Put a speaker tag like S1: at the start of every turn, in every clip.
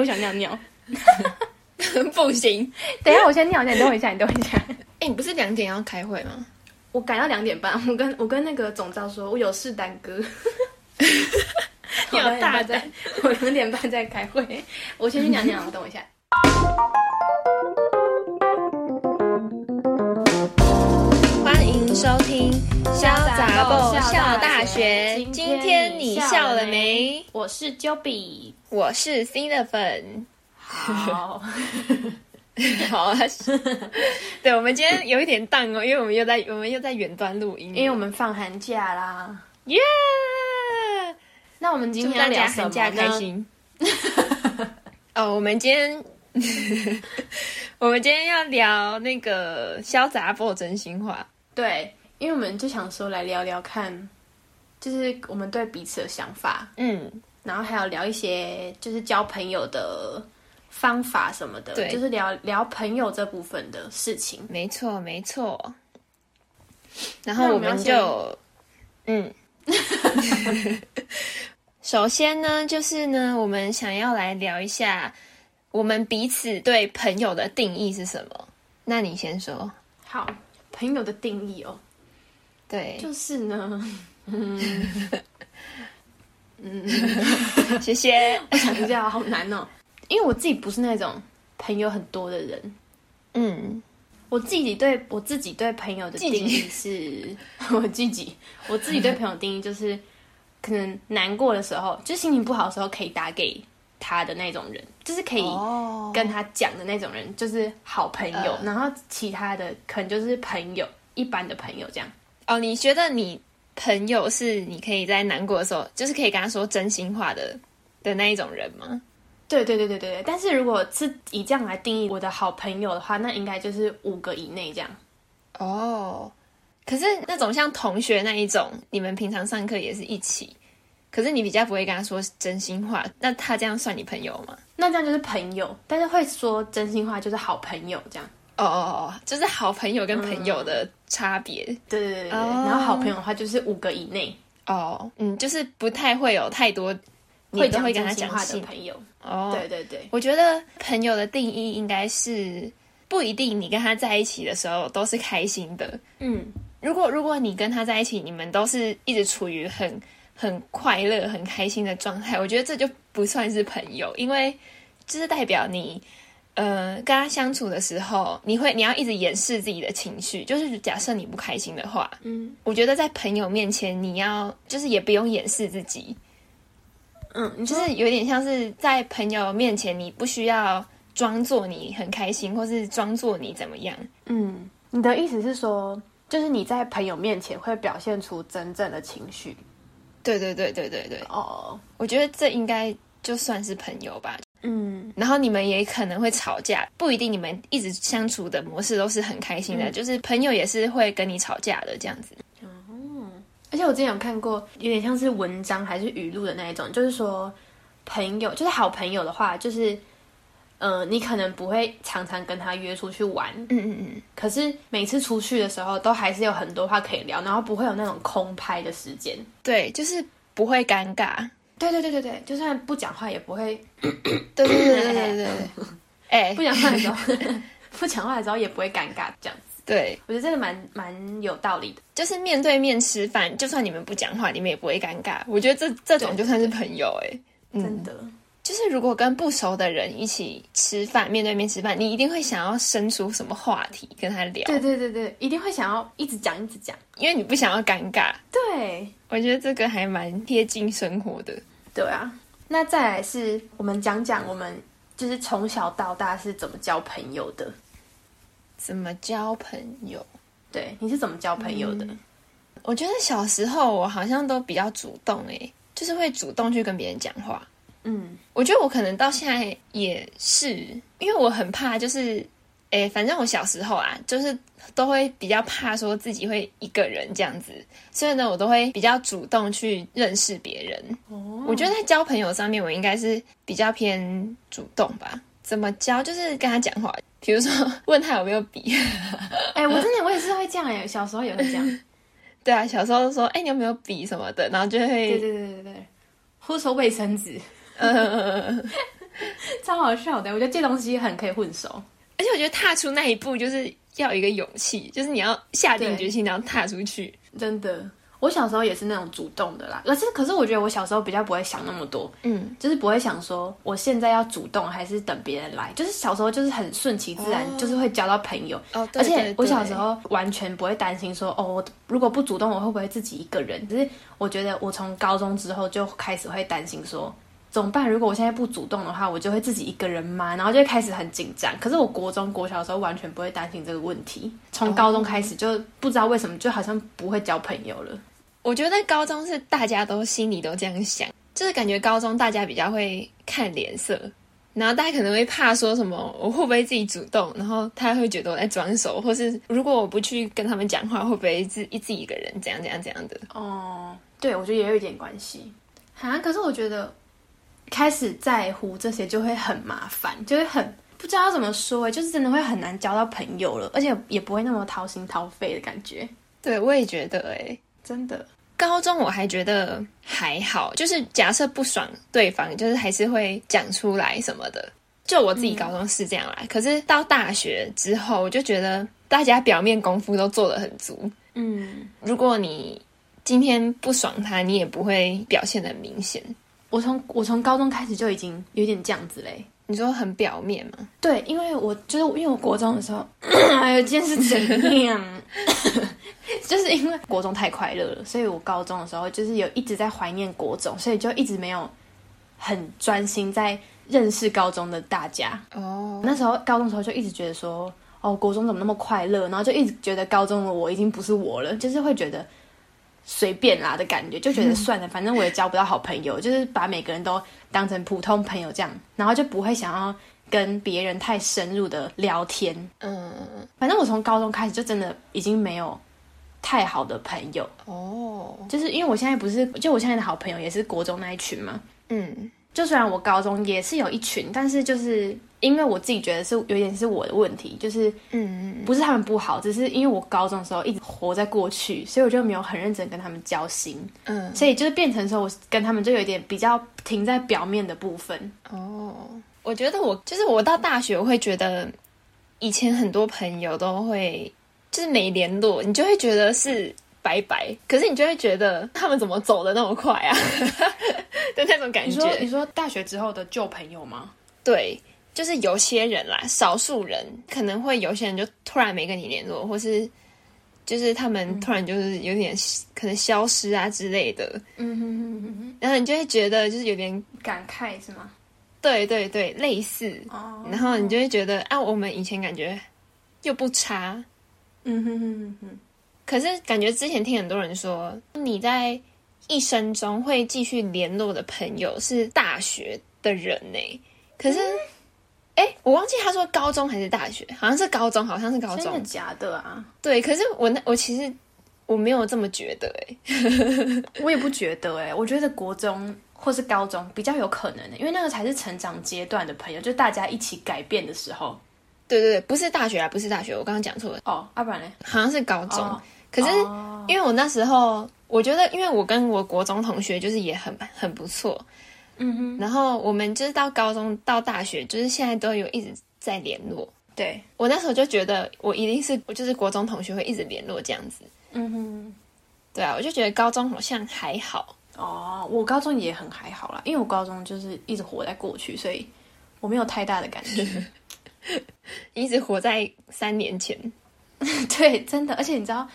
S1: 我想尿尿， 不行。等一下，我先尿一下，你等我一下，你等我一下。哎、欸，你不是兩點要開會嗎？我改到兩點半。我跟我跟那個總召說，我有事耽擱。尿 大在， 我兩點半再開會。我先去尿尿， 等我一下。 收聽《蕭雜某笑大學》，今天你笑了沒？我是 Jobbit，我是 Cinlephant。好 好啊， 對，我們今天有一點蕩哦，因為我們又在我們又在遠端錄音，因為我們放寒假啦。耶！Yeah! 那我們今天聊，聊寒假開心？ 哦，我們今天 我們今天要聊那個《蕭雜某真心話》。對，因為我們就想說來聊聊看，就是我們對彼此的想法，嗯，然後還有聊一些就是交朋友的方法什麼的，對，就是聊聊朋友這部分的事情。沒錯，沒錯。然後我們就，有有嗯， 首先呢，就是呢，我們想要來聊一下我們彼此對朋友的定義是什麼。那你先說。好。朋友的定義哦，對，就是呢，嗯， 嗯，謝謝，我想一下好難哦，因為我自己不是那種朋友很多的人，嗯，我自己對我自己對朋友的定義是，我自己 我自己對朋友的定義就是， 可能難過的時候，就是、心情不好的時候可以打給。他的那種人，就是可以跟他講的那種人，oh. 就是好朋友。Uh. 然後其他的可能就是朋友，一般的朋友這樣。哦，oh, 你覺得你朋友是你可以在難過的時候，就是可以跟他說真心話的的那一種人嗎？對對對對對對。但是如果是以這樣來定義我的好朋友的話，那應該就是五個以內這樣。哦，oh. 可是那種像同學那一種，你們平常上課也是一起。可是你比較不會跟他說真心話，那他這樣算你朋友嗎？那這樣就是朋友，但是會說真心話就是好朋友這樣。哦哦哦，就是好朋友跟朋友的差別。嗯。對對對對，oh. 然後好朋友的話就是五個以內。哦，oh. 嗯，就是不太會有太多，你都會跟他講話的朋友。哦，oh, 對對對，我覺得朋友的定義應該是不一定你跟他在一起的時候都是開心的。嗯，如果如果你跟他在一起，你們都是一直處於很。很快樂、很開心的狀態，我覺得這就不算是朋友，因為就是代表你，呃，跟他相處的時候，你會你要一直掩飾自己的情緒。就是假設你不開心的話，嗯，我覺得在朋友面前，你要就是也不用掩飾自己，嗯，你就是有點像是在朋友面前，你不需要裝作你很開心，或是裝作你怎麼樣。嗯，你的意思是說，就是你在朋友面前會表現出真正的情緒。對對對對對對哦，oh. 我覺得這應該就算是朋友吧。嗯，然後你們也可能會吵架，不一定你們一直相處的模式都是很開心的，嗯、就是朋友也是會跟你吵架的這樣子。哦、嗯，而且我之前有看過，有點像是文章還是語錄的那一種，就是說朋友，就是好朋友的話，就是。嗯、呃，你可能不會常常跟他約出去玩，嗯嗯嗯，可是每次出去的時候，都還是有很多話可以聊，然後不會有那種空拍的時間，對，就是不會尷尬，對對對對對，就算不講話也不會，對對對對對對，哎， 不講話的時候，欸、 不講話的時候也不會尷尬，這樣子，對，我覺得這個蠻蠻有道理的，就是面對面吃飯，就算你們不講話，你們也不會尷尬，我覺得這這種就算是朋友哎，真的。就是如果跟不熟的人一起吃飯，面對面吃飯，你一定會想要生出什麼話題跟他聊。對對對對，一定會想要一直講一直講，因為你不想要尷尬。對，我覺得這個還蠻貼近生活的。對啊，那再來是我們講講我們就是從小到大是怎麼交朋友的，怎麼交朋友？對，你是怎麼交朋友的？嗯，我覺得小時候我好像都比較主動、欸，哎，就是會主動去跟別人講話。嗯，我覺得我可能到現在也是，因為我很怕，就是，哎、欸，反正我小時候啊，就是都會比較怕說自己會一個人這樣子，所以呢，我都會比較主動去認識別人。哦，我覺得在交朋友上面，我應該是比較偏主動吧？怎麼交？就是跟他講話，譬如說問他有沒有筆？
S2: 哎、欸，我真的也我
S1: 也是會這樣哎、欸，小時候也會這樣。 對啊，小時候都說哎、欸，你有沒有筆什麼的，然後就會對對對對對，或說衛生紙。嗯， 超好笑的，我覺得這東西很可以混熟，而且我覺得踏出那一步就是要有一個勇氣，就是你要下定決心，你要對踏出去。真的，我小時候也是那種主動的啦，可是可是我覺得我小時候比較不會想那麼多，嗯，就是不會想說我現在要主動還是等別人來，就是小時候就是很順其自然，哦、就是會交到朋友，哦、對對對對，而且我小時候完全不會擔心說哦，我如果不主動我會不會自己一個人？只是我覺得我從高中之後就開始會擔心說。怎麼辦？如果我現在不主動的話，我就會自己一個人嘛，然後就會開始很緊張。可是我國中國小的時候完全不會擔心這個問題，從高中開始就、oh, okay. 不知道為什麼，就好像不會交朋友了。我覺得高中是大家都心裡都這樣想，就是感覺高中大家比較會看臉色，然後大家可能會怕說什麼，我會不會自己主動，然後他會覺得我在裝熟，或是如果我不去跟他們講話，會不會自自己一個人怎樣怎樣怎樣的？哦，oh, 對，我覺得也有一點關係哈，可是我覺得。開始在乎這些就會很麻煩，就會、是、很不知道怎麼說哎、欸，就是真的會很難交到朋友了，而且也不會那麼掏心掏肺的感覺。對，我也覺得哎、欸，真的。高中我還覺得還好，就是假設不爽對方，就是還是會講出來什麼的。就我自己高中是這樣啦，嗯、可是到大學之後，我就覺得大家表面功夫都做得很足。嗯，如果你今天不爽他，你也不會表現得很明顯。我從我從高中開始就已經有點這樣子嘞，你說很表面嗎？對，因為我就是因為我國中的時候，哎唷，今天是怎樣？ 就是因為國中太快樂了，所以我高中的時候就是有一直在懷念國中，所以就一直沒有很專心在認識高中的大家。哦，oh. 那時候高中的時候就一直覺得說，哦，國中怎麼那麼快樂？然後就一直覺得高中的我已經不是我了，就是會覺得。隨便啦的感覺，就覺得算了，反正我也交不到好朋友，嗯、就是把每個人都當成普通朋友這樣，然後就不會想要跟別人太深入的聊天。嗯，反正我從高中開始就真的已經沒有太好的朋友。哦，就是因為我現在不是，就我現在的好朋友也是國中那一群嘛。嗯。就雖然我高中也是有一群，但是就是因為我自己覺得是有點是我的問題，就是嗯，不是他們不好，嗯，只是因為我高中的時候一直活在過去，所以我就沒有很認真跟他們交心，嗯，所以就是變成說，我跟他們就有點比較停在表面的部分。哦，我覺得我就是我到大學，我會覺得以前很多朋友都會就是沒聯絡，你就會覺得是。拜拜！可是你就會覺得他們怎麼走得那麼快啊？的 那種感覺。你說，你說大學之後的舊朋友嗎？對，就是有些人啦，少數人可能會有些人就突然沒跟你聯絡，或是就是他們突然就是有點可能消失啊之類的。嗯哼哼哼哼。然後你就會覺得就是有點感慨是嗎？對對對，類似。哦。Oh. 然後你就會覺得啊，我們以前感覺又不差。嗯哼哼哼哼。可是感覺之前聽很多人說，你在一生中會繼續聯絡的朋友是大學的人呢、欸。可是，哎、嗯欸，我忘記他說高中還是大學，好像是高中，好像是高中。真的假的啊？對，可是我那我其實我沒有這麼覺得哎、欸， 我也不覺得哎、欸，我覺得國中或是高中比較有可能的、欸，因為那個才是成長階段的朋友，就大家一起改變的時候。對對對，不是大學啊，不是大學，我剛剛講錯了。哦、oh,，要不然呢，好像是高中。Oh. 可是，因為我那時候，oh. 我覺得，因為我跟我國中同學就是也很很不錯，嗯哼、mm，hmm. 然後我們就是到高中到大學，就是現在都有一直在聯絡。對，我那時候就覺得，我一定是我就是國中同學會一直聯絡這樣子，嗯哼、mm，hmm. 對啊，我就覺得高中好像還好哦，oh, 我高中也很還好啦，因為我高中就是一直活在過去，所以我沒有太大的感覺， 一直活在三年前。 對，真的，而且你知道。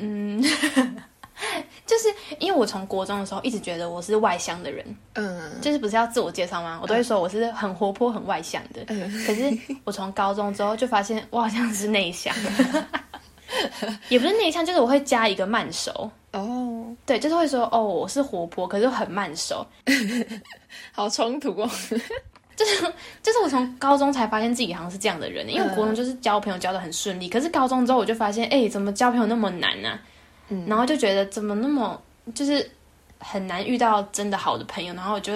S1: 嗯，就是因為我從國中的時候一直覺得我是外向的人，嗯，就是不是要自我介紹嗎？我都會說我是很活潑、很外向的。嗯、可是我從高中之後就發現，我好像是內向， 也不是內向，就是我會加一個慢熟哦。對，就是會說哦，我是活潑，可是很慢熟，好衝突哦。就是就是我從高中才發現自己好像是這樣的人，因為我國中就是交朋友交得很順利，uh, 可是高中之後我就發現，哎、欸，怎麼交朋友那麼難呢、啊？嗯，然後就覺得怎麼那麼就是很難遇到真的好的朋友，然後我就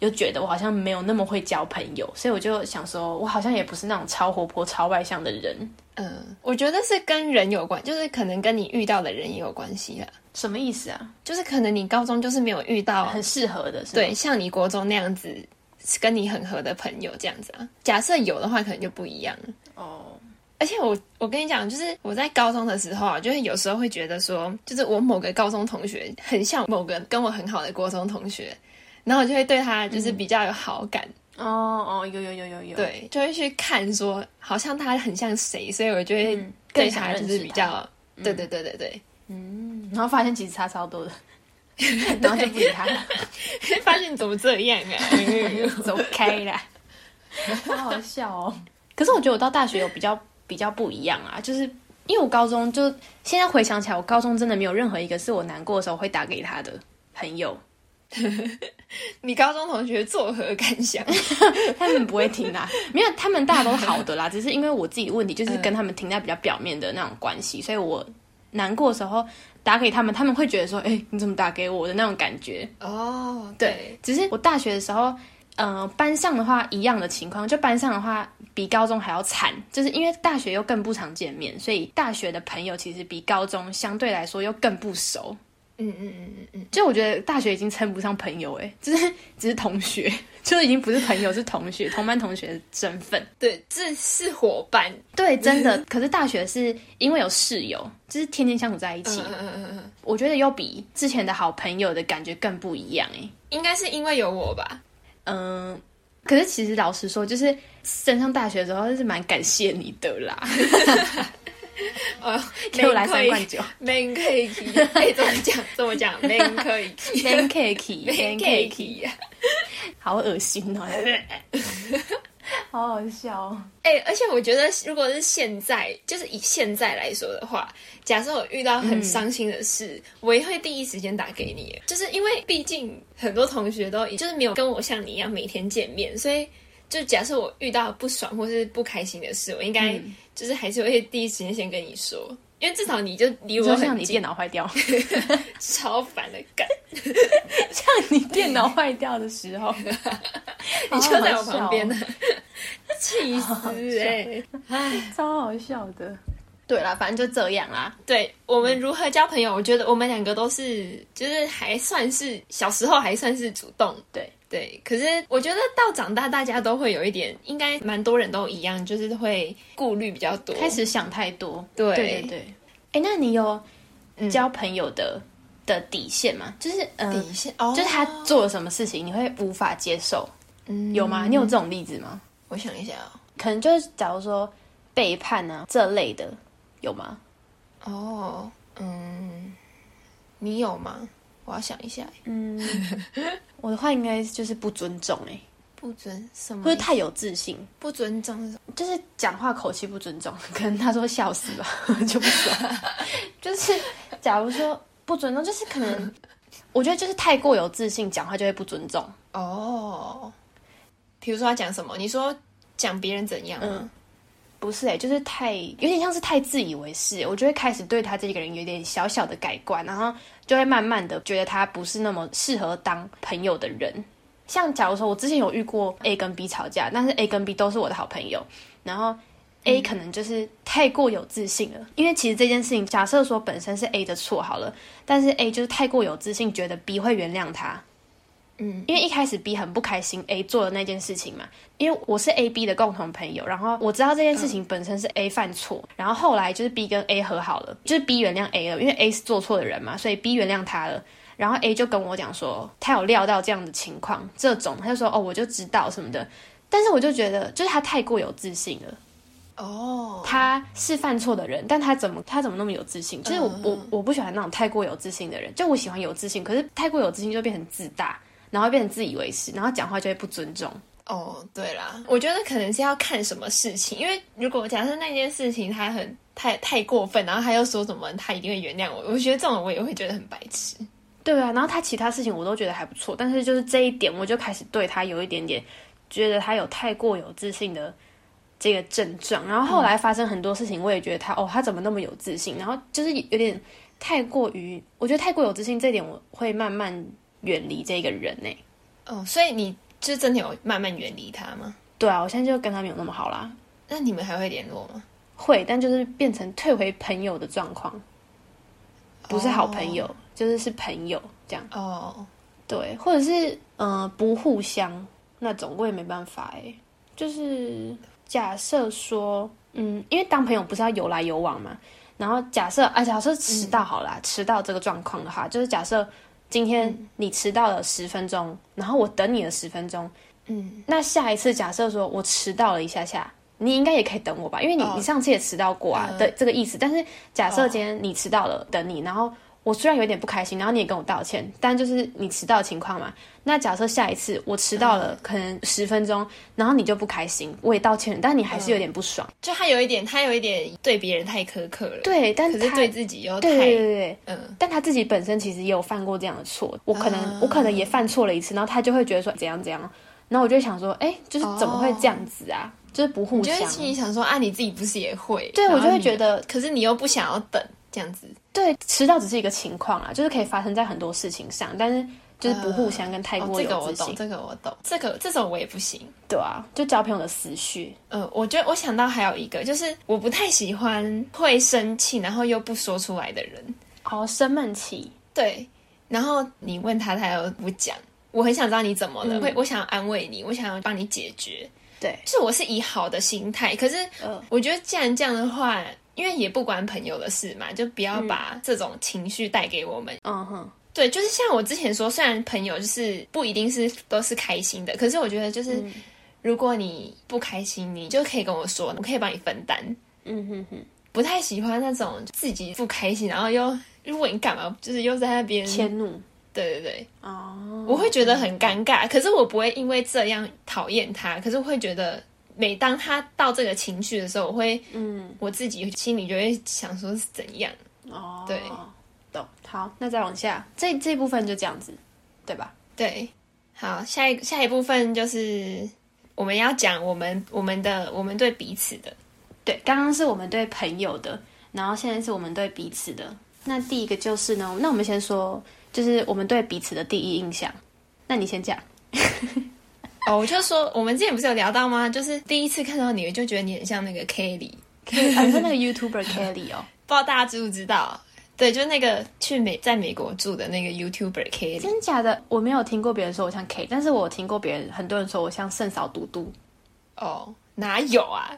S1: 又覺得我好像沒有那麼會交朋友，所以我就想說，我好像也不是那種超活潑、超外向的人。嗯，uh, 我覺得是跟人有關，就是可能跟你遇到的人也有關係了。什麼意思啊？就是可能你高中就是沒有遇到很適合的，對，像你國中那樣子。跟你很合的朋友這樣子啊，假設有的話，可能就不一樣哦。Oh. 而且我我跟你講，就是我在高中的時候啊，就是有時候會覺得說，就是我某個高中同學很像某個跟我很好的國中同學，然後我就會對他就是比較有好感哦哦、嗯 oh, oh, 有有有有有對，就會去看說好像他很像誰，所以我就會、嗯、對他就是比較、嗯、對對對對對嗯，然後發現其實差超多的。 然後就不理他了，發現你怎麼這樣啊？ 走開啦！ 好好笑哦。可是我覺得我到大學，有比較比較不一樣啊，就是因為我高中就現在回想起來，我高中真的沒有任何一個是我難過的時候會打給他的朋友。 你高中同學作何感想？ 他們不會聽啦、啊，沒有，他們大家都好的啦，只是因為我自己的問題，就是跟他們停在比較表面的那種關係，嗯、所以我難過的時候。打給他們，他們會覺得說：“欸，你怎麼打給我的那種感覺？”哦，oh, okay. 對，只是我大學的時候，嗯，班上的話一樣的情況，就班上的話比高中還要慘，就是因為大學又更不常見面，所以大學的朋友其實比高中相對來說又更不熟。嗯嗯嗯嗯嗯，嗯嗯就我覺得大學已經稱不上朋友、欸，哎，就是只是同學，就已經不是朋友，是同學， 同班同學的身份。對，這是是伙伴。對，真的。 可是大學是因為有室友，就是天天相處在一起。嗯嗯嗯嗯、我覺得又比之前的好朋友的感覺更不一樣、欸，哎，應該是因為有我吧。嗯，可是其實老實說，就是升上大學的時候，就是蠻感謝你的啦。 沒有、哦、來三罐酒，免客氣，哎，怎麼講？這麼講？免客氣，免客氣，好噁心哦！哈 好好笑哦！哎、欸，而且我覺得，如果是現在，就是以現在來說的話，假設我遇到很傷心的事，嗯、我也會第一時間打給你，就是因為畢竟很多同學都就是沒有跟我像你一樣每天見面，所以就假設我遇到不爽或是不開心的事，我應該、嗯。就是還是會第一時間先跟你說，因為至少你就離我很近。就像你電腦壞掉， 超煩的感。 像你電腦壞掉的時候， 你就在我旁邊的，氣死哎、欸！超好笑的。唉對啦，反正就這樣啦。對，我們如何交朋友，我覺得我們兩個都是，就是還算是小時候還算是主動，對。對，可是我覺得到長大，大家都會有一點，應該蠻多人都一樣，就是會顧慮比較多，開始想太多。對，對對對。哎，那你有交朋友的、嗯、的底線嗎？就是、嗯、底線，oh. 就是他做了什麼事情，你會無法接受？嗯、有嗎？你有這種例子嗎？我想一下、哦，可能就是假如說背叛啊，這類的，有嗎？哦，oh. 嗯，你有嗎？我要想一下、欸，嗯，我的話應該就是不尊重、欸，哎，不尊什麼？會太有自信，不尊重是什麼？就是講話口氣不尊重，可能他說笑死了， 就不說爽。 就是假如說不尊重，就是可能， 我覺得就是太過有自信，講話就會不尊重。哦，比如說他講什麼？你說講別人怎樣、啊？嗯。不是哎、欸，就是太有點像是太自以為是、欸，我就會開始對他這個人有點小小的改觀，然後就會慢慢的覺得他不是那麼適合當朋友的人。像假如說我之前有遇過 A 跟 B 吵架，但是 A 跟 B 都是我的好朋友，然後 A 可能就是太過有自信了，嗯、因為其實這件事情假設說本身是 A 的錯好了，但是 A 就是太過有自信，覺得 B 會原諒他。嗯，因為一開始 B 很不開心，A 做的那件事情嘛。因為我是 A、B 的共同朋友，然後我知道這件事情本身是 A 犯錯，嗯、然後後來就是 B 跟 A 和好了，就是 B 原諒 A 了，因為 A 是做錯的人嘛，所以 B 原諒他了。然後 A 就跟我講說，他有料到這樣的情況，這種他就說哦，我就知道什麼的。但是我就覺得，就是他太過有自信了。哦，他是犯錯的人，但他怎麼他怎麼那麼有自信？就是我我我不喜歡那種太過有自信的人，就我喜歡有自信，可是太過有自信就變成自大。然後變成自以為是，然後講話就會不尊重。哦，oh, 對啦，我覺得可能是要看什麼事情，因為如果假設那件事情他很太太過分，然後他又說什麼，他一定會原諒我。我覺得這種我也會覺得很白痴。對啊，然後他其他事情我都覺得還不錯，但是就是這一點我就開始對他有一點點覺得他有太過有自信的這個症狀。然後後來發生很多事情，我也覺得他、嗯、哦，他怎麼那麼有自信？然後就是有點太過於，我覺得太過有自信這點，我會慢慢。遠離這個人呢、欸？哦，oh, 所以你就是真的有慢慢遠離他嗎？對啊，我現在就跟他沒有那麼好啦。那你們還會聯絡嗎？會，但就是變成退回朋友的狀況，oh. 不是好朋友，就是是朋友這樣。哦，oh. 對，或者是呃不互相那總我也沒辦法哎、欸。就是假設說，嗯，因為當朋友不是要有來有往嘛。然後假設啊，假設遲到好啦，遲、嗯、到這個狀況的話，就是假設。今天你遲到了十分鐘，嗯、然後我等你了十分鐘，嗯，那下一次假設說我遲到了一下下，你應該也可以等我吧？因為你、哦、你上次也遲到過啊，對、嗯、這個意思。但是假設今天你遲到了，哦、等你，然後。我雖然有點不開心，然後你也跟我道歉，但就是你遲到的情況嘛。那假設下一次我遲到了，嗯、可能十分鐘，然後你就不開心，我也道歉了，但你還是有點不爽、嗯。就他有一點，他有一點對別人太苛刻了。對，但可是對自己又太……太、對對對對，嗯。但他自己本身其實也有犯過這樣的錯，我可能、嗯、我可能也犯錯了一次，然後他就會覺得說怎樣怎樣，然後我就想說，哎、欸，就是怎麼會這樣子啊？哦、就是不互相。你就心裡想說啊，你自己不是也會？對，我就會覺得，你可是你又不想要等。這樣子對遲到只是一個情況啊，就是可以發生在很多事情上，但是就是不互相跟太過有、呃哦，這個我懂，這個我懂，這個這種我也不行，對啊，就交朋友的思緒。嗯、呃，我覺得我想到還有一個，就是我不太喜歡會生氣然後又不說出來的人，哦，生悶氣，對，然後你問他他又不講，我很想知道你怎麼了，我、嗯、我想安慰你，我想要幫你解決，對，是我是以好的心態，可是我覺得既然這樣的話。呃因為也不關朋友的事嘛，就不要把這種情緒帶給我們。嗯哼，對，就是像我之前說，雖然朋友就是不一定是都是開心的，可是我覺得就是，嗯、如果你不開心，你就可以跟我說，我可以幫你分擔。嗯哼哼，不太喜歡那種自己不開心，然後又如果你幹嘛，就是又在那邊遷怒。對對對，哦，我會覺得很尷尬，嗯、可是我不會因為這樣討厭他，可是會覺得。每當他到這個情緒的時候，我會，嗯，我自己心裡就會想說是怎樣，哦，對，懂，好，那再往下，這一這一部分就這樣子，對吧？對，好，下一下一部分就是我們要講我們我們的我們對彼此的，對，剛剛是我們對朋友的，然後現在是我們對彼此的。那第一個就是呢，那我們先說，就是我們對彼此的第一印象，那你先講。 哦，oh, 我就說，我們之前不是有聊到嗎？就是第一次看到你，就覺得你很像那個 Kelly，反正、 啊、那個 YouTuber Kelly 哦，不知道大家知不知道？對，就是那個去美，在美國住的那個 YouTuber Kelly。真假的？我沒有聽過別人說我像 Kelly，但是我聽過別人很多人說我像聖嫂嘟嘟。哦，oh, 哪有啊？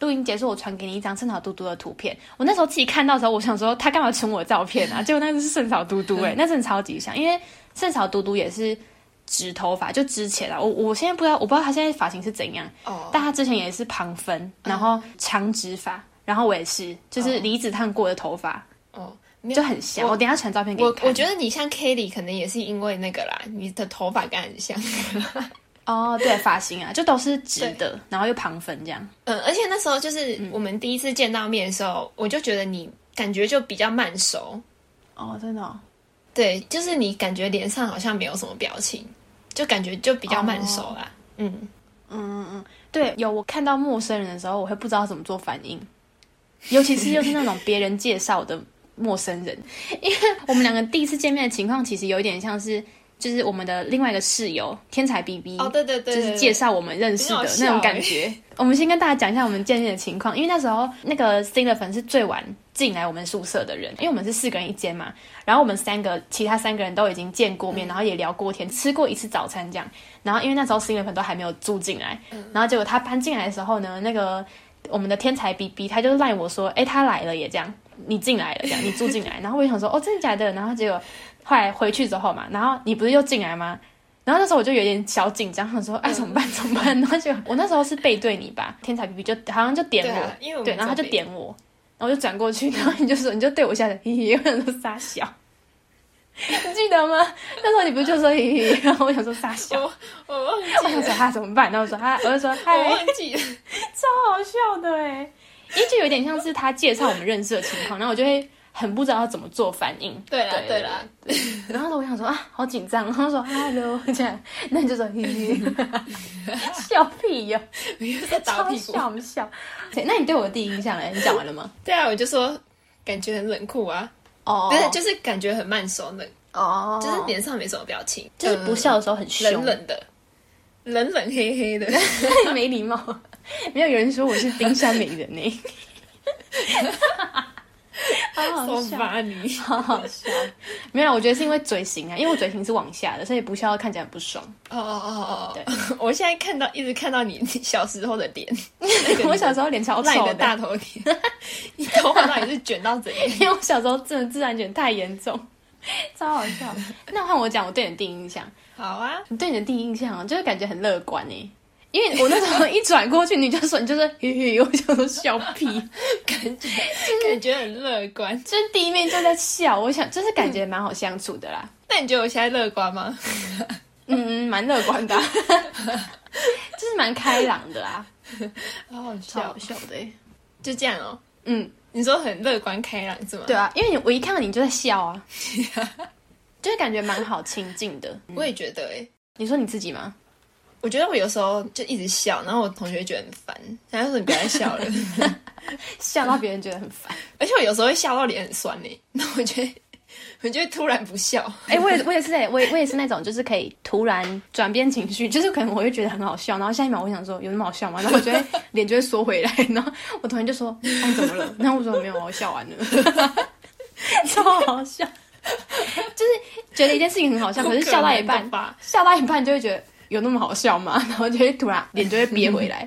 S1: 錄 音結束，我傳給你一張聖嫂嘟嘟的圖片。我那時候自己看到的時候，我想說他幹嘛存我照片啊？結果那是聖嫂嘟嘟、欸，哎， 那真的超級像，因為聖嫂嘟嘟也是。直頭髮就直起來了，我，我現在不知道，我不知道他現在髮型是怎樣。哦。但他之前也是旁分，然後長直髮，然後我也是，就是離子燙過的頭髮。哦。就很像。我等下傳照片給你。我我覺得你像 Kelly 可能也是因為那個啦，你的頭髮感很像。哦，對，髮型啊，就都是直的，然後又旁分這樣。嗯，而且那時候就是我們第一次見到面的時候，我就覺得你感覺就比較慢熟。哦，真的。對，就是你感覺臉上好像沒有什麼表情。就感覺就比較慢熟啦，嗯嗯嗯嗯，對，有我看到陌生人的時候，我會不知道怎麼做反應，尤其是就是那種別人介紹的陌生人， 因為我們兩個第一次見面的情況，其實有點像是。就是我們的另外一個室友，天才 B B 哦，對對對，對，對，就是介紹我們認識的那種感覺。欸、我們先跟大家講一下我們見面的情況，因為那時候那個 Cinlephant 是最晚進來我們宿舍的人，因為我們是四個人一間嘛。然後我們三個，其他三個人都已經見過面，嗯、然後也聊過天，吃過一次早餐這樣。然後因為那時候 Cinlephant 都還沒有住進來，然後結果他搬進來的時候呢，那個我們的天才 B B，他就賴我說，哎，他來了也這樣，你進來了這樣，你住進來。嗯、然後我就想說，哦，真的假的？然後結果。快回去之後嘛，然後你不是又進來嗎？然後那時候我就有點小緊張，我說：“哎、嗯啊，怎麼辦？怎麼辦？”然後就我那時候是背對你吧，天才皮皮就好像就點我，對，了我對，然後他就點我，然後我就轉過去，然後你就說，嗯、你就對我一下子，嘿嘿。然後」我想說殺小。你記得嗎？那時候你不是就說，呵呵然後我想說殺小，我忘記了。我想說他、啊、怎麼辦？然後說他我就說、啊、我就說嗨，我忘記了，超好笑的哎，因就 有點像是他介紹我們認識的情況，然後我就會。很不知道要怎麼做反應。對啦，對，對，對，對啦，對然後呢，我想說啊，好緊張。然後說，Hello， 這樣，那你就說,， 笑屁呀！超搞笑。對，那你對我的第一印象呢？你講完了嗎？對啊，我就說，感覺很冷酷啊。哦，oh. 就是感覺很慢熟冷。哦。Oh. 就是臉上沒什麼表情，就是不笑的時候很兇、呃、冷冷的，冷冷黑黑的， 沒禮貌。沒有有人說我是冰山美人呢、欸。 好，好笑吧你？好，好笑，沒有，我覺得是因為嘴型啊， 因為我嘴型是往下的，所以不笑看起來很不爽。哦哦哦，對，我現在看到一直看到你小時候的臉， 我小時候臉超醜，爛你的大頭的臉， 你頭髮到底是捲到怎樣？ 因為我小時候真的自然捲太嚴重， 超好笑。 那換我講，我對你的第一印象，好啊，你對你的第一印象就是感覺很樂觀哎、欸。因為我那時候一轉過去，你就說你就是，嘿、嘿我就說笑屁，感覺、就是、感覺很樂觀，就是第一面就在笑，我想就是感覺蠻好相處的啦。那、嗯、你覺得我現在樂觀嗎？嗯，蠻樂觀的、啊， 就是蠻開朗的啦。好、哦、好笑、笑的、欸，就這樣哦。嗯，你說很樂觀開朗是嗎？對啊，因為我一看到你就在笑啊， 就是感覺蠻好親近的。嗯、我也覺得誒、欸、你說你自己嗎？我覺得我有時候就一直笑，然後我同學覺得很煩，他就說你別再笑了，， 笑到別人覺得很煩。而且我有時候會笑到臉很酸呢、欸。那我覺得，我就會突然不笑。哎、欸，我也我也是哎、欸，我我也是那種就是可以突然轉變情緒，就是可能我會覺得很好笑，然後下一秒我想說有那麼好笑嗎？然後我覺得臉就會縮回來，然後我同學就說、啊、你怎麼了？然後我說沒有，我笑完了。 超好笑，就是覺得一件事情很好笑，可是笑到一半，怕怕笑到一半就會覺得。有那麼好笑嗎？然後就會突然臉就會憋回來，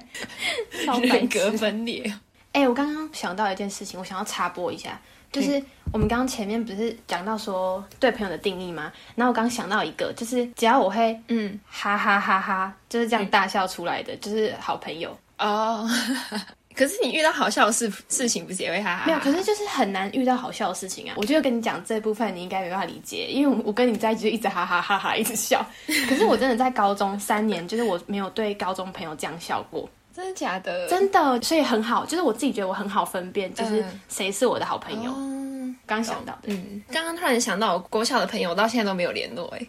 S1: 人 癡格分裂。哎、欸，我剛剛想到一件事情，我想要插播一下，就是我們剛剛前面不是講到說對朋友的定義嗎？然後我剛剛想到一個，就是只要我會嗯哈哈哈哈，就是這樣大笑出來的，嗯、就是好朋友哦。Oh. 可是你遇到好笑的事事情，不是也會哈哈、哈、哈？沒有，可是就是很難遇到好笑的事情啊！我就跟你講這部分，你應該沒辦法理解，因為我我跟你在一起就一直哈哈哈哈一直笑。可是我真的在高中三年，就是我沒有對高中朋友這樣笑過，真的假的？真的，所以很好，就是我自己覺得我很好分辨，呃、就是誰是我的好朋友。哦、剛想到的，嗯，剛剛突然想到我國小的朋友，到現在都沒有聯絡哎，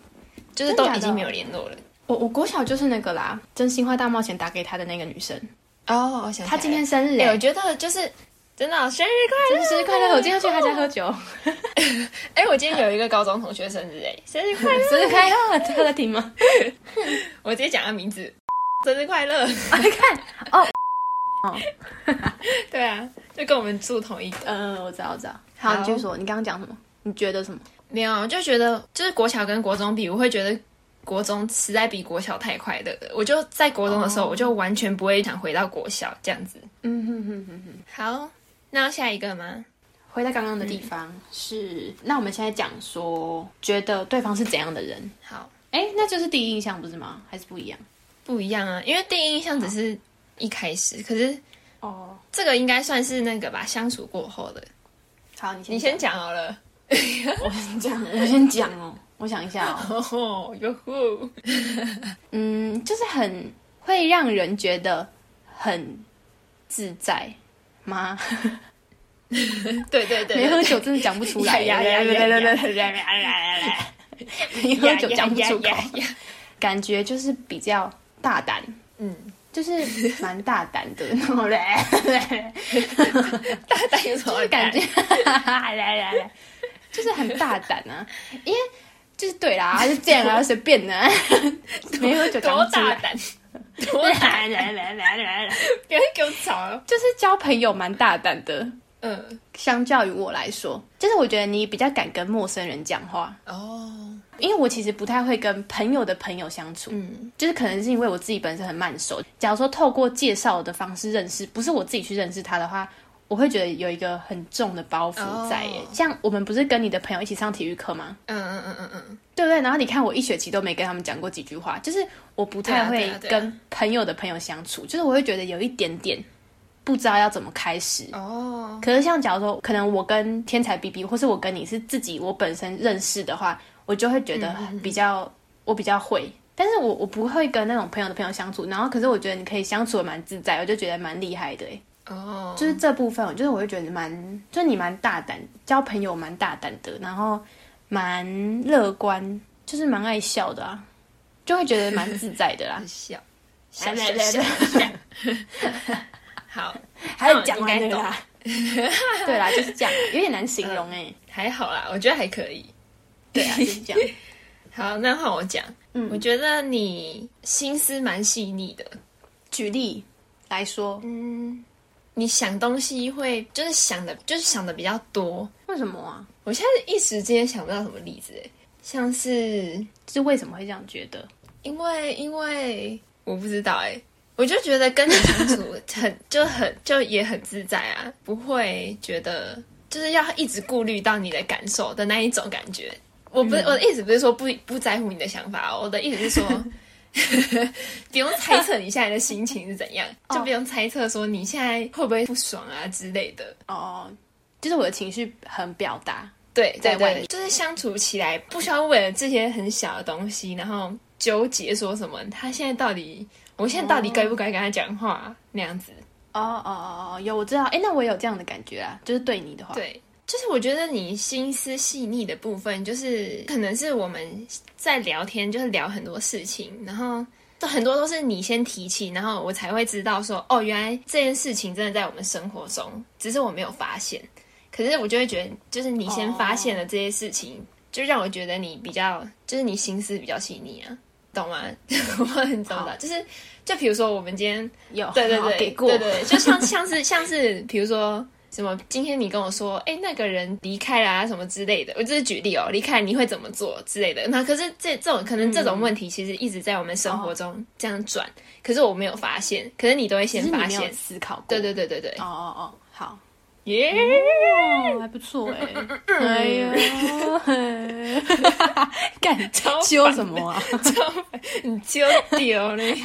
S1: 就是都已經沒有聯絡了。我我國小就是那個啦，真心話大冒險打給他的那個女生。哦，我想他今天生日，我覺得就是真的生日快樂，生日快樂！我今天要去他家喝酒。哎，我今天有一個高中同學生日，哎，生日快樂，生日快樂！他在聽嗎？我直接講個名字，生日快樂！你看，哦哦，對啊，就跟我們住同一個，嗯，我知道，我知道。好，你就說你剛剛講什麼？你覺得什麼？沒有，就覺得就是國小跟國中比，我會覺得。國中實在比國小太快的，我就在國中的時候，我就完全不會想回到國小這樣子。嗯哼哼哼哼，好，那下一個嗎？回到剛剛的地方、嗯、是，那我們現在講說，覺得對方是怎樣的人？好，哎、欸，那就是第一印象不是嗎？還是不一樣？不一樣啊，因為第一印象只是一開始，oh. 可是哦，這個應該算是那個吧？相處過後的，好，你你先講好了，我先講， 我先講哦。 我想一下哦，嗯，就是很會讓人覺得很自在嗎？對對對，沒喝酒真的講不出來，呀來沒喝酒講不出口呀，感覺就是比較大膽，嗯，就是蠻大膽的。來來來，大膽有什麼感覺？就是很大膽啊，因為。就是對啦，還是這樣啊，隨多 便的，多 沒有，多大膽，多大膽，來來來來來，給我找就是交朋友蠻大膽的，嗯，相較於我來說，就是我覺得你比較敢跟陌生人講話哦，因為我其實不太會跟朋友的朋友相處，嗯，就是可能是因為我自己本身很慢熟。假如說透過介紹的方式認識，不是我自己去認識他的話，我會覺得有一個很重的包袱在耶，oh. 像我們不是跟你的朋友一起上體育課嗎？嗯嗯嗯嗯嗯，嗯嗯對不對？然後你看我一學期都沒跟他們講過幾句話，就是我不太會跟朋友的朋友相處，啊啊啊、就是我會覺得有一點點不知道要怎麼開始哦。Oh. 可是像假如說，可能我跟天才 BB，或是我跟你是自己我本身認識的話，我就會覺得比較、嗯、我比較會，但是我我不會跟那種朋友的朋友相處。然後可是我覺得你可以相處得蠻自在，我就覺得蠻厲害的哦，oh. 就是這部分，就是我會覺得蠻，就是你蠻大膽，交朋友蠻大膽的，然後蠻樂觀，就是蠻愛笑的啊，就會覺得蠻自在的啦。笑啦，笑，笑，笑，好，還有講那個啦，對啦，就是這樣，有點難形容哎、欸呃，還好啦，我覺得還可以， 對啊，講、就是這樣，好，那換我講，嗯，我覺得你心思蠻細膩的，舉例來說，嗯。你想東西會就是想的，就是想的比較多。為什麼啊？我現在一時之間想不到什麼例子哎、欸。像是，就是為什麼會這樣覺得？因為，因為我不知道哎、欸。我就覺得跟你相處很， 就很，就也很自在啊，不會覺得就是要一直顧慮到你的感受的那一種感覺。我不是，嗯、我的意思不是說不不在乎你的想法，我的意思是說。 呵呵，不 用猜測你現在你的心情是怎樣， 哦、就不用猜測說你現在會不會不爽啊之類的。哦，就是我的情緒很表達，對，對,對，在外就是相處起來不需要為了這些很小的東西，然後糾結說什麼他現在到底，我現在到底該不該跟他講話、哦、那樣子。哦哦哦哦，有我知道，哎、欸，那我也有這樣的感覺啊，就是對你的話，對。就是我覺得你心思細膩的部分，就是可能是我們在聊天，就是聊很多事情，然後就很多都是你先提起，然後我才會知道說，哦，原來這件事情真的在我們生活中，只是我沒有發現。可是我就會覺得，就是你先發現了這些事情，Oh. 就讓我覺得你比較，就是你心思比較細膩啊，懂嗎？ 我很懂的，好就是就比如說我們今天有很好，對對對，好好，給過，對對，就像像是 像是，比如說。什麼？今天你跟我說，哎、欸，那個人離開了啊，什麼之類的。我只是舉例哦、喔，離開你會怎麼做之類的。那可是這這種可能這種問題，其實一直在我們生活中這樣轉，嗯、可是我沒有發現，哦、可是你都會先發現。思考過對對對對對。哦哦哦，好，耶 Yeah、哦，還不錯哎。哎 呀，哈哈哈！幹交？交什麼啊？交，你交掉嘞。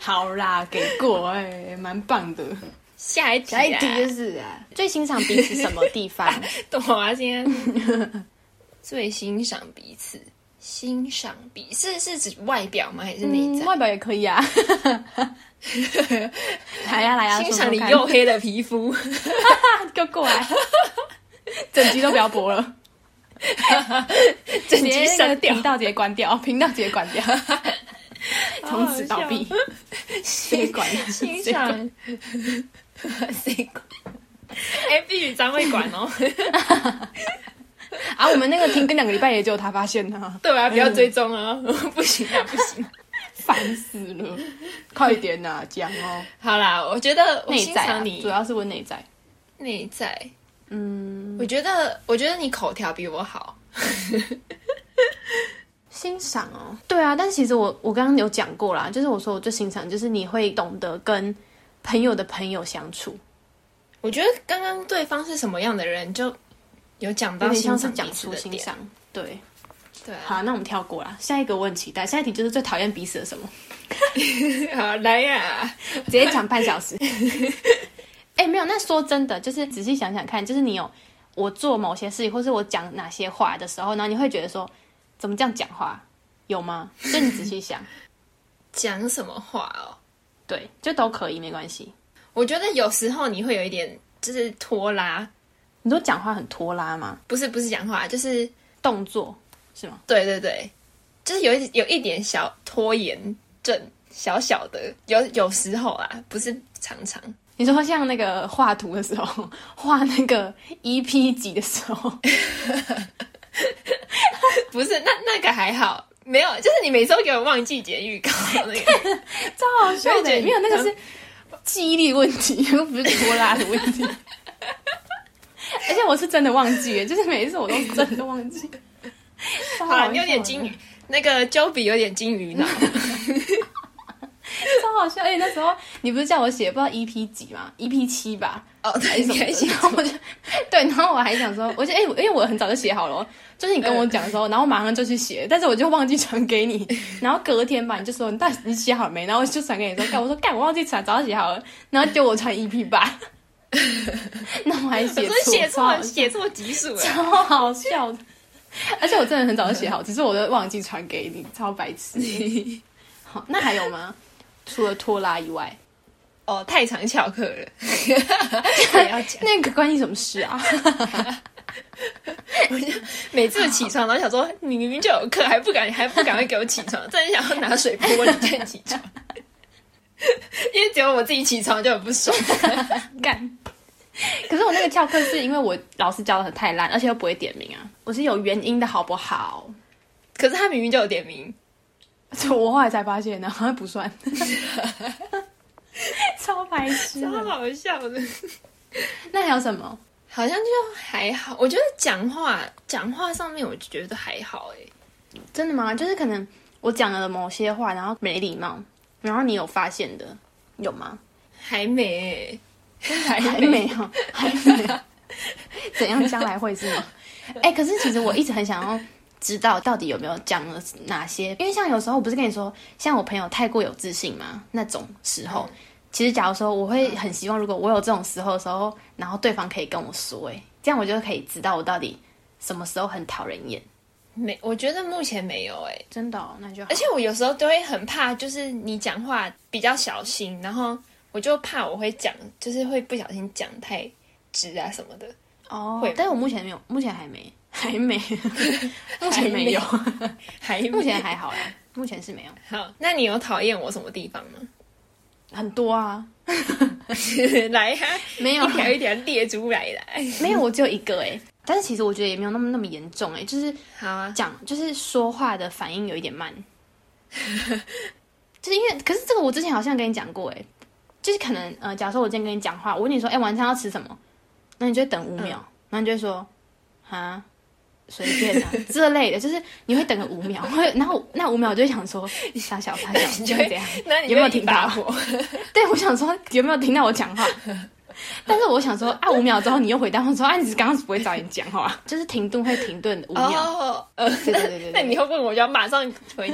S1: 好啦，給過哎、欸，蠻棒的。下一題、啊、下一題就是啊、最欣賞彼此什麼地方？懂 啊，先、啊。 最欣賞彼此，欣賞彼此是，是指外表嗎？還是內在、嗯？外表也可以啊。 來呀、啊、來呀、啊！欣賞你黝黑的皮膚，就 過來。 整集都不要播了。哈 哈，直接那個頻道直接關掉，頻、哦、道直接關掉，
S2: 從 此倒閉。
S1: 別管像，欣賞賞。誰 管？哎，必須張衛管哦！啊， 啊我們那個停更兩個禮拜也就有他發現呢、啊。對啊，不要追蹤啊， 啊。不行啊，不行，煩死了！ 快一點吶，講哦、喔。好啦，我覺得我欣賞你內在，主要是我內在，內在。嗯，我覺得，我覺得你口條比我好。 欣賞哦、喔。對啊，但是其實我，我剛剛有講過啦，就是我說我最欣賞，就是你會懂得跟。朋友的朋友相處，我覺得剛剛對方是什麼樣的人，就有講到，像是講出欣賞。對，對啊，好，那我們跳過了，下一個我很期待，下一題就是最討厭彼此的什麼？ 好，來呀、啊， 直接講半小時。哎、 欸，沒有，那說真的，就是仔細想想看，就是你有我做某些事情，或是我講哪些話的時候，然後你會覺得說怎麼這樣講話？有嗎？所以你仔細想，講 什麼話哦？對，就都可以，沒關係。我覺得有時候你會有一點，就是拖拉。你說講話很拖拉嗎？不是，不是講話，就是動作，是嗎？對對對，就是有一有一點小拖延症，小小的。有有時候啊，不是常常。你說像那個畫圖的時候，畫那個 EP 集的時候， 不是那那個還好。沒有，就是你每周給我忘記節目預告那個，超好笑的沒有。預沒有那個是記憶力問題，又不是拖拉的問題。 而且我是真的忘記，就是每一次我都真的忘記。 好啦，你有點金魚， 那個 Joby 有點金魚呢。 超好笑！哎、欸，那時候你不是叫我寫不知道 EP 幾嗎？EP 七吧。哦，才然後我就 對，然後我還想說，我就哎，因、欸、為我、欸、我很早就寫好了，就是你跟我講的時候，然後馬上就去寫，但是我就忘記傳給你。然後隔天吧，你就說你到底你寫好了沒？然後我就傳給你說幹 我說干我忘記傳，早寫好了。然後就我傳 EP 八，那我還寫錯，寫錯寫錯集數，超好笑，超好笑的。而且我真的很早就寫好，只是我都忘記傳給你，超白痴。 好，那還有嗎？除了拖拉以外，哦，太常翹課了， 那個關你什麼事啊？ 我就每次我起床，都好想說，你明明就有課，還不敢，還不趕快給我起床，真的想要拿水潑你再起床。 因為只有我自己起床就很不爽， 幹。可是我那個翹課是因為我老師教的太爛，而且又不會點名啊，我是有原因的好不好？可是他明明就有點名。我後來才發現，那好像不算， 超白癡，超好笑的。那還有什麼？好像就還好。我覺得講話講話上面，我就覺得還好、欸。哎，真的嗎？就是可能我講了某些話，然後沒禮貌，然後你有發現的有嗎？還沒、欸還沒啊，還沒哈、啊，還沒。怎樣將來會是嗎？哎、 欸，可是其實我一直很想要。知道到底有沒有講了哪些？因為像有時候我不是跟你說，像我朋友太過有自信嘛，那種時候，嗯、其實假如說我會很希望，如果我有這種時候的時候，嗯、然後對方可以跟我說、欸，哎，這樣我就可以知道我到底什麼時候很討人厭。沒，我覺得目前沒有、欸，哎，真的、哦，那就。而且我有時候都會很怕，就是你講話比較小心，然後我就怕我會講，就是會不小心講太直啊什麼的。哦。會，但是我目前沒有，目前還沒。還沒，目還沒有，還目前還好啦， 目前是沒有。好，那你有討厭我什麼地方嗎？很多啊， 來哈、啊，沒有一條一條列出來的。沒有，我只有一個哎。 但是其實我覺得也沒有那麼那麼嚴重哎，就是好啊，講就是說話的反應有一點慢，就是因為，可是這個我之前好像跟你講過哎，就是可能呃，假如說我今天跟你講話，我問你說哎、欸、晚餐要吃什麼，那你就等五秒，嗯、然後你就會說啊。哈隨便啊，這類的就是你會等個五秒， 會然後那五秒就想說，你傻笑傻笑，就會這樣，那你有沒有聽到我？ 對我想說有沒有聽到我講話？ 但是我想說啊，五秒之後你又回答我說啊，你是剛剛是不會早點講話， 就是停頓會停頓五秒。Oh, 呃，對，對對對對。那你會問我就要馬上回，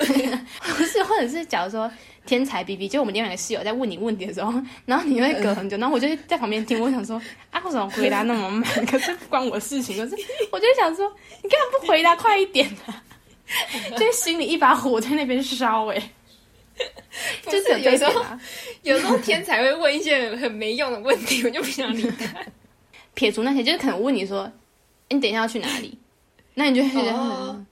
S1: 不是，或者是假如說。天才 B B，就我們另外的室友在問你問題的時候，然後你又會隔很久，然後我就在旁邊聽， 我想說啊，為什麼回答那麼慢？ 可是不關我的事情，可、就是我就想說，你幹嘛不回答快一點呢、啊？就是、心裡一把火在那邊燒、欸，哎 是，就是、啊、有時候， 有時候天才會問一些很沒用的問題，我就不想理他。 撇除那些，就是可能問你說，欸、你等一下要去哪裡？ 那你就會覺得，哦、oh. 嗯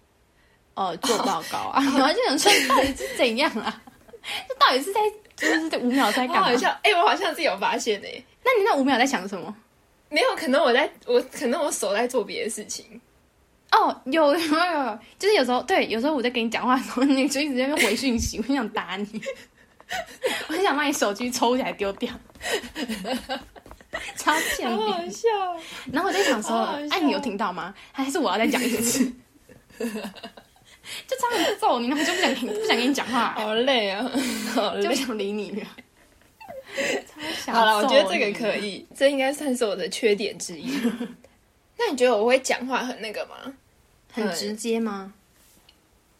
S1: 呃，做報告啊，oh. Oh. 然後就想說到底是怎樣啊？這到底是在，就是在五秒在幹嘛？哎、欸，我好像是有發現的，哎、欸。那你那五秒在想什麼？沒有，可能我在，我可能我手在做別的事情。哦、oh,，有有有，就是有時候對，有時候我在跟你講話的時候，你就一直在那邊回訊息， 我想打你，我很想把你手機抽起來丟掉，超像，好，好笑。然後我就想說，哎、啊，你有聽到嗎？還是我要再講一次？是 就差很揍你，然後就不想聽，不想跟你講話，好累啊，好累就不想理你了。超想你了好了，我覺得這個可以，這應該算是我的缺點之一。 那你覺得我會講話很那個嗎？很，很直接嗎？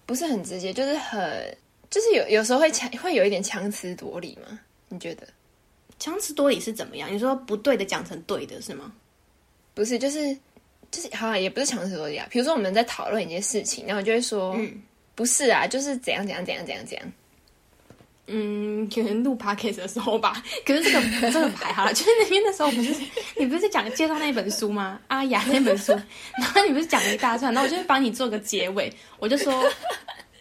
S1: 不是很直接，就是很，就是有有時候會強，會有一點強詞奪理嗎？你覺得強詞奪理是怎麼樣？你說不對的講成對的，是嗎？不是，就是。就是好像、啊、也不是強詞奪理啊。比如說我們在討論一件事情，然後就會說，嗯、不是啊，就是怎樣怎樣怎樣怎樣怎樣。嗯，可能錄 podcast 的時候吧。可是這個 這個牌好了，就是那邊的時候我不是 你不是講介紹那本書嗎？阿、啊、雅那本書，然後你不是講了一大串，然後我就會幫你做個結尾。我就說，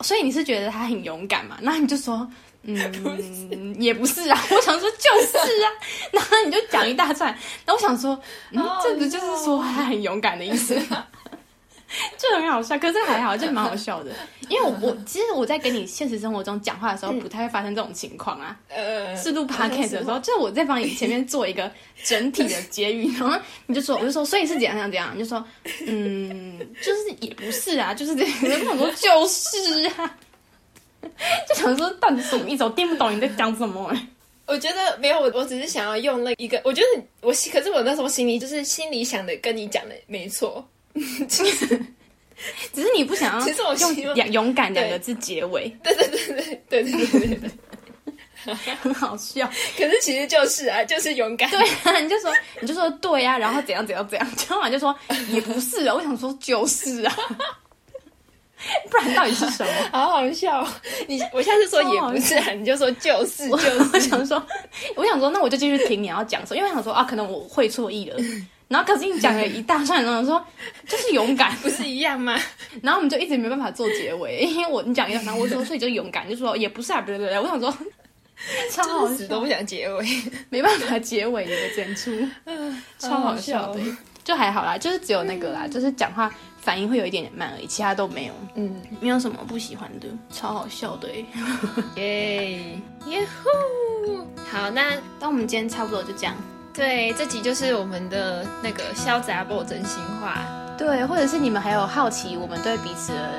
S1: 所以你是覺得他很勇敢嘛？然後你就說。嗯，不是也不是啊，我想說就是啊， 然後你就講一大串，然後我想說，嗯， 這不就是說他很勇敢的意思嗎？ 就很好笑，可是還好，就蠻好笑的。因為我我其實我在跟你現實生活中講話的時候，嗯、不太會發生這種情況啊。呃、嗯，適度 podcast 的時候，嗯、就是我在幫你前面做一個整體的結語，然後你就說，我就說，所以是怎樣 怎樣樣，你就說，嗯，就是也不是啊，就是很多就是啊。就想說，到底什麼意思？我聽不懂你在講什麼，欸。我覺得沒有，我我只是想要用那一個。我覺得我，可是我那時候心裡就是心裡想的，跟你講的沒錯。其實 只是你不想要。其實我用“勇敢”兩個字結尾對對對對。對對對對對對對對，很 好笑。可是其實就是啊，就是勇敢。對啊，你就說，你就說對呀，啊，然後怎樣怎樣怎樣。陳老就說也不是啊，我想說就是啊。不然到底是什麼？好，好好笑！你我下次說也不是、啊，你就說就是、就是，我想說，我想說，那我就繼續聽你要講，所以因為我想說啊，可能我會錯意了。然後可是你講了一大串， 然後我說就是勇敢，不是一樣嗎？然後我們就一直沒辦法做結尾，因為我你講一大串，然後我說所以就勇敢，就說也不是啊，對，對不對，我想說，超好，一直都不想結尾，沒辦法結尾，你的整出，
S2: 超好笑的。
S1: 就還好啦，就是只有那個啦，嗯、就是講話反應會有一點點慢而已，其他都沒有。嗯，沒有什麼不喜歡的，超好笑的。耶耶呼好，那那我們今天差不多就這樣。對，這集就是我們的那個“蕭雜某真心話”。對，或者是你們還有好奇我們對彼此的，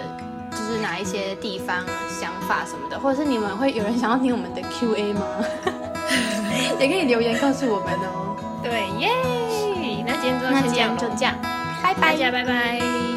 S1: 就是哪一些地方、想法什麼的，mm hmm. 或者是你們會有人想要聽我們的 Q A 嗎？ 也可以留言告訴我們哦、喔。 對耶。Yeah. 那今天就這樣，拜拜 bye，大家拜拜。